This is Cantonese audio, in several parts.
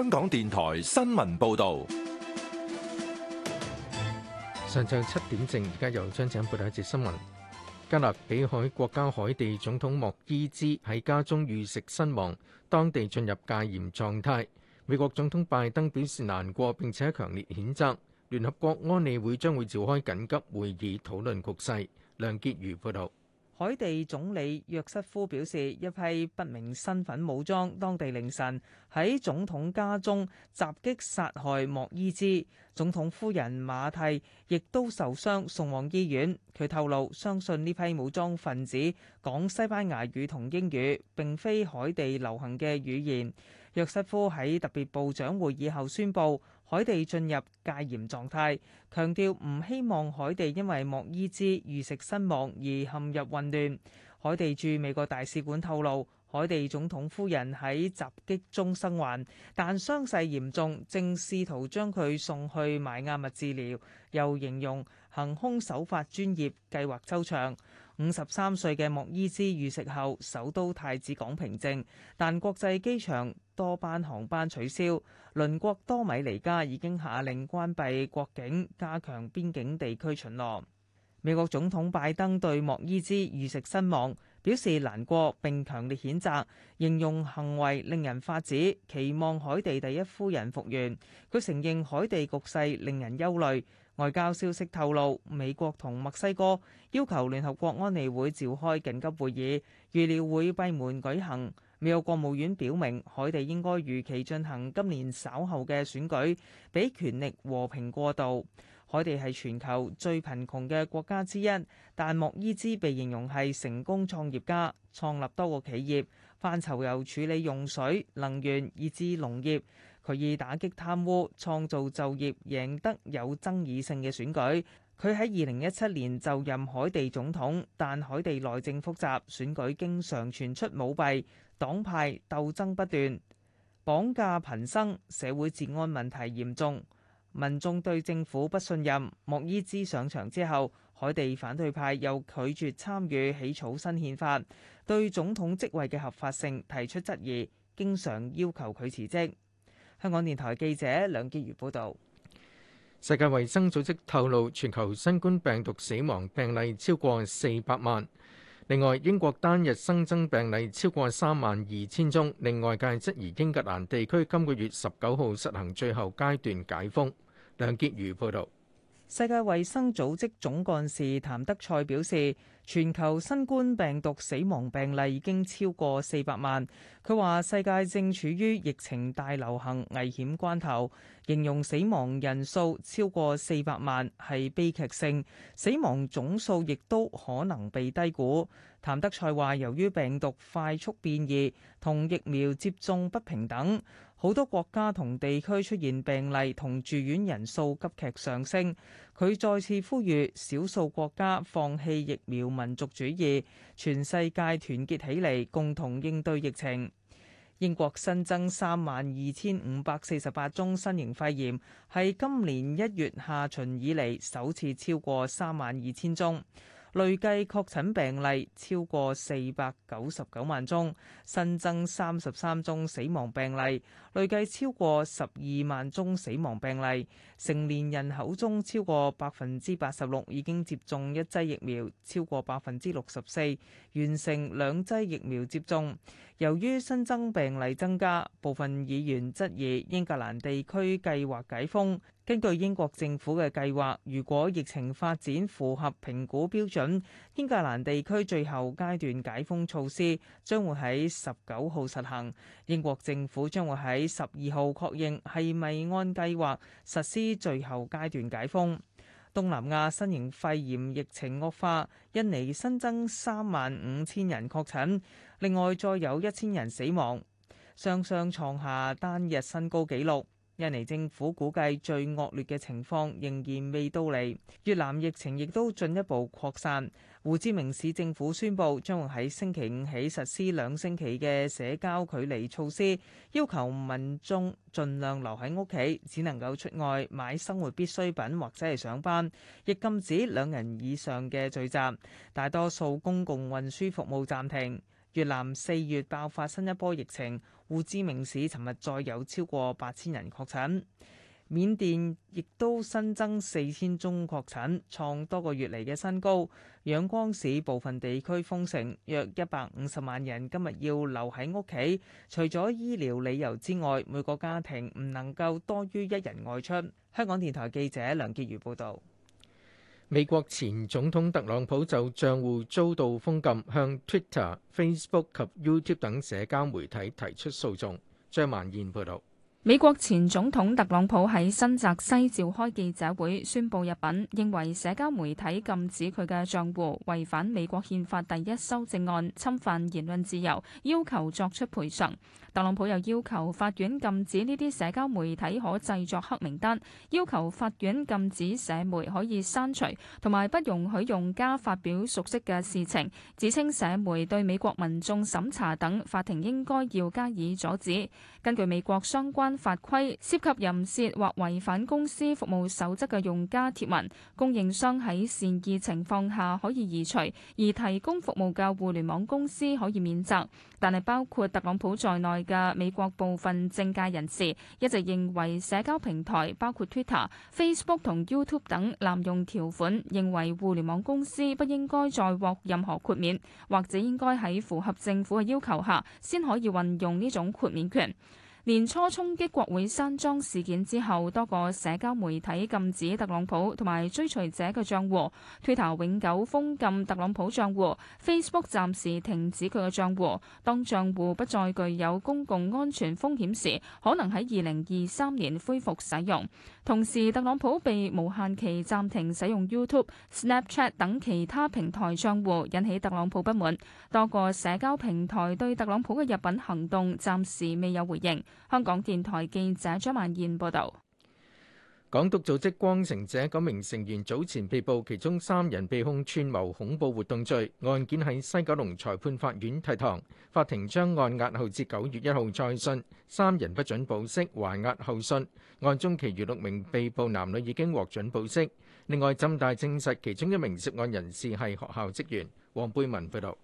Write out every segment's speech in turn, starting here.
香港電台新聞報道，上晝七點正，而家由張景報道一節新聞：加勒比海國家海地總統莫伊茲喺家中遇食身亡，當地進入戒嚴狀態。美國總統拜登表示難過，並且強烈譴責。聯合國安理會將會召開緊急會議討論局勢。梁潔如報道。海地總理約瑟夫表示，一批不明身份武裝當地凌晨喺總統家中襲擊殺害莫伊茲，總統夫人馬蒂亦都受傷送往醫院。佢透露，相信呢批武裝分子講西班牙語同英語，並非海地流行嘅語言。約瑟夫喺特別部長會議後宣布。海地進入戒嚴狀態，強調唔希望海地因為莫伊茲遇食身亡而陷入混亂。海地駐美國大使館透露，海地總統夫人喺襲擊中生還，但傷勢嚴重，正試圖將佢送去邁阿密治療。又形容行兇手法專業，計劃周詳。五十三歲嘅莫伊茲遇食後，首都太子港平靜，但國際機場，多班航班取消，鄰國多米尼加已經下令關閉國境，加強邊境地區巡邏。美國總統拜登對莫伊茲遇刺身亡，表示難過並強烈譴責，形容行為令人發指，期望海地第一夫人復原。佢承認海地局勢令人憂慮。外交消息透露，美國同墨西哥要求聯合國安理會召開緊急會議，預料會閉門舉行。美國國務院表明，海地應該如期進行今年稍後嘅選舉，俾權力和平過渡。海地係全球最貧窮嘅國家之一，但莫伊茲被形容係成功創業家，創立多個企業，範疇由處理用水、能源以至農業。佢以打擊貪污、創造就業，贏得有爭議性嘅選舉。佢喺二零一七年就任海地總統，但海地內政複雜，選舉經常傳出舞弊。黨派鬥爭不斷，綁架頻生，社會治安問題嚴重，民眾對政府不信任。莫伊茲上場之後，海地反對派又拒絕參與起草新憲法，對總統職位嘅合法性提出質疑，經常要求佢辭職。香港電台記者梁潔如報道。世界衛生組織透露，全球新冠病毒死亡病例超過四百萬。另外，英國單日新增病例超過三萬二千宗，令外界質疑英格蘭地區今個月十九號實行最後階段解封。梁潔如報導。世界衛生組織總幹事譚德塞表示，全球新冠病毒死亡病例已經超過四百萬。佢話：世界正處於疫情大流行危險關頭，形容死亡人數超過四百萬係悲劇性，死亡總數亦都可能被低估。譚德塞話：由於病毒快速變異，同疫苗接種不平等，好多國家同地區出現病例同住院人數急劇上升，佢再次呼籲少數國家放棄疫苗民族主義，全世界團結起嚟，共同應對疫情。英國新增三萬二千五百四十八宗新型肺炎，係今年一月下旬以嚟首次超過三萬二千宗。累計確診病例超過四百九十九萬宗，新增三十三宗死亡病例，累計超過十二萬宗死亡病例。成年人口中超過百分之八十六已經接種一劑疫苗，超過百分之六十四完成兩劑疫苗接種。由於新增病例增加，部分議員質疑英格蘭地區計劃解封。根據英國政府嘅計劃，如果疫情發展符合評估標準，英格蘭地區最後階段解封措施將會喺十九號實行。英國政府將會喺十二號確認係咪按計劃實施最後階段解封。東南亞新型肺炎疫情惡化，印尼新增三萬五千人確診，另外再有一千人死亡，雙雙創下單日新高紀錄。印尼政府估計最惡劣嘅情況仍然未到嚟，越南疫情亦都進一步擴散。胡志明市政府宣布將會喺星期五起實施兩星期嘅社交距離措施，要求民眾盡量留喺屋企，只能夠出外買生活必需品或者係上班，亦禁止兩人以上嘅聚集。大多數公共運輸服務暫停。越南四月爆發新一波疫情，胡志明市尋日再有超過八千人確診。緬甸亦都新增四千宗確診，創多個月嚟嘅新高。仰光市部分地區封城，約一百五十萬人今日要留喺屋企，除咗醫療理由之外，每個家庭唔能夠多於一人外出。香港電台記者梁潔如報導。美國前總統特朗普就賬戶遭到封禁向，向 Twitter、Facebook 及 YouTube 等社交媒體提出訴訟。張萬燕報導。美國前總統特朗普喺新澤西召開記者會，宣布入稟，認為社交媒體禁止佢嘅賬戶違反美國憲法第一修正案，侵犯言論自由，要求作出賠償。特朗普又要求法院禁止呢啲社交媒體可製作黑名單，要求法院禁止社媒可以刪除同埋不容許用家發表熟悉嘅事情，指稱社媒對美國民眾審查等，法庭應該要加以阻止。根據美國相關法規涉及淫褻或違反公司服務守則嘅用家貼文，供應商喺善意情況下可以移除，而提供服務嘅互聯網公司可以免責。但係包括特朗普在內嘅美國部分政界人士一直認為，社交平台包括 Twitter、Facebook 同 YouTube 等濫用條款，認為互聯網公司不應該再獲任何豁免，或者應該喺符合政府嘅要求下先可以運用呢種豁免權。年初衝擊國會山莊事件之後，多個社交媒體禁止特朗普同埋追隨者嘅賬戶，推特永久封禁特朗普賬戶，Facebook 暫時停止佢嘅賬戶。當賬戶不再具有公共安全風險時，可能喺二零二三年恢復使用。同時，特朗普被無限期暫停使用 YouTube、Snapchat 等其他平台賬戶，引起特朗普不滿。多個社交平台對特朗普嘅入稟行動暫時未有回應。香港電台記者張萬燕報導。港獨組織光城者九名成員早前被捕，其中三人被控串謀恐怖活動罪。案件喺西九龍裁判法院提堂，法庭將案押後至九月一號再訊，三人不准保釋，還押候訊。案中，其餘六名被捕男女已經獲准保釋。另外，浸大證實其中一名涉案人士係學校職員。黃貝文報道。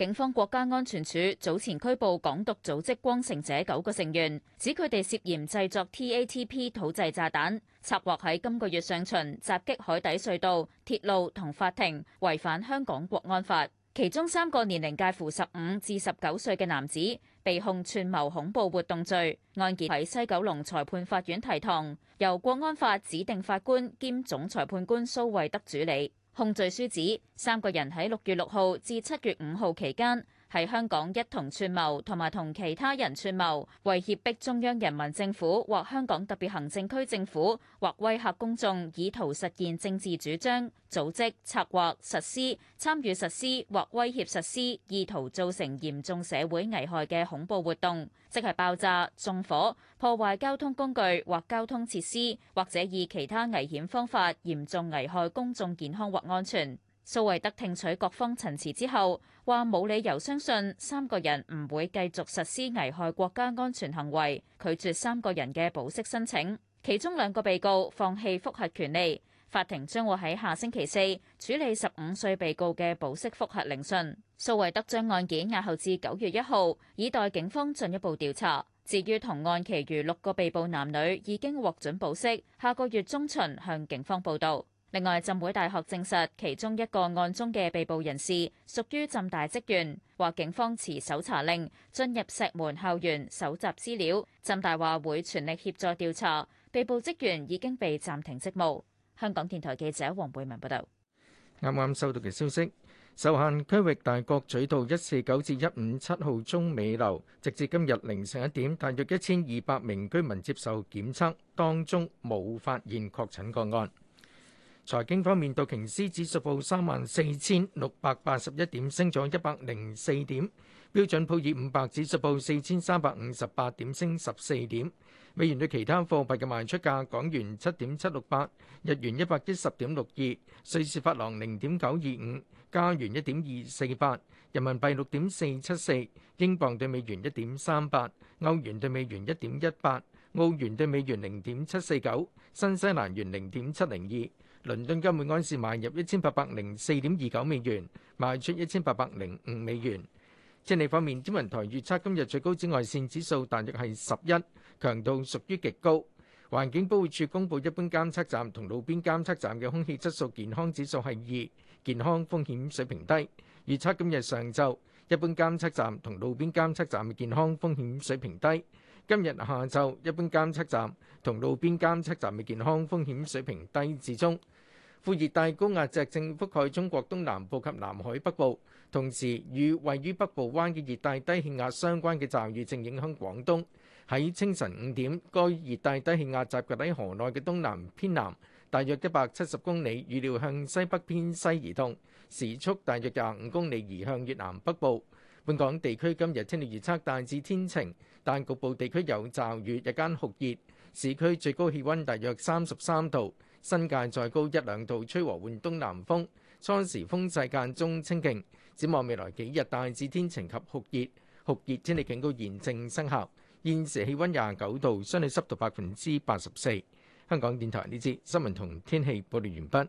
警方國家安全處早前拘捕港獨組織光城者九個成員，指佢哋涉嫌製作 TATP 土製炸彈，策劃喺今個月上旬襲擊海底隧道、鐵路同法庭，違反香港國安法。其中三個年齡介乎十五至十九歲嘅男子被控串謀恐怖活動罪，案件喺西九龍裁判法院提堂，由國安法指定法官兼總裁判官蘇惠德處理。控罪書指三個人喺六月六號至七月五號期間，係香港一同串謀，同埋同其他人串謀，為脅迫中央人民政府或香港特別行政區政府，或威嚇公眾，以圖實現政治主張；組織、策劃、實施、參與實施或威脅實施，意圖造成嚴重社會危害嘅恐怖活動，即係爆炸、縱火、破壞交通工具或交通設施，或者以其他危險方法嚴重危害公眾健康或安全。蘇維德聽取各方陳詞之後，話冇理由相信三個人唔會繼續實施危害國家安全行為，拒絕三個人嘅保釋申請。其中兩個被告放棄復核權利，法庭將會喺下星期四處理十五歲被告嘅保釋復核聆訊。蘇維德將案件押後至九月一號，以待警方進一步調查。至於同案其餘六個被捕男女，已經獲准保釋，下個月中旬向警方報到。另外，浸會大學證實，其中一個案中嘅被捕人士屬於浸大職員，話警方持搜查令進入石門校園搜集資料。浸大話會全力協助調查，被捕職員已經被暫停職務。香港電台記者黃貝文報道。啱啱收到嘅消息，受限區域大角咀道一四九至一五七號中美樓，直至今日凌晨一點，大約一千二百名居民接受檢測，當中冇發現確診個案。財經方面，道瓊斯指數報三萬四千六百八十一點，升咗一百零四點。標準普爾五百指數報四千三百五十八點，升十四點。美元對其他貨幣嘅賣出價：港元七點七六八，日元一百一十點六二，瑞士法郎零點九二五，加元一點二四八，人民幣六點四七四，英鎊對美元一點三八，歐元對美元一點一八，澳元對美元零點七四九，新西蘭元零點七零二。倫敦金每安士買入一千八百零四點二九美元，賣出一千八百零五美元。天氣方面，天文台預測今日最高紫外線指數大約係十一，強度屬於極高。環境保護署公布，一般監測站同路邊監測站嘅空氣質素健康指數係二，健康風險水平低。預測今日上晝，一般監測站同路邊監測站嘅健康風險水平低。今日下晝，一般監測站同路邊監測站嘅健康風險水平低至中。副熱帶高壓脊正覆蓋中國東南部及南海北部，同時與位於北部灣嘅熱帶低氣壓相關嘅驟雨正影響廣東。喺清晨五點，該熱帶低氣壓集結喺河內嘅東南偏南，大約一百七十公里，預料向西北偏西移動，時速大約廿五公里，移向越南北部。本港地區今日天氣預測大致天晴。但局部地區有驟雨，日間酷熱，市區最高氣溫大約三十三度，新界再高一兩度，吹和緩東南風，初時風勢間中清勁，展望未來幾日，大致天晴及酷熱，酷熱天氣警告現正生效。現時氣溫廿九度，相對濕度百分之八十四。香港電台呢節新聞同天氣報道完畢。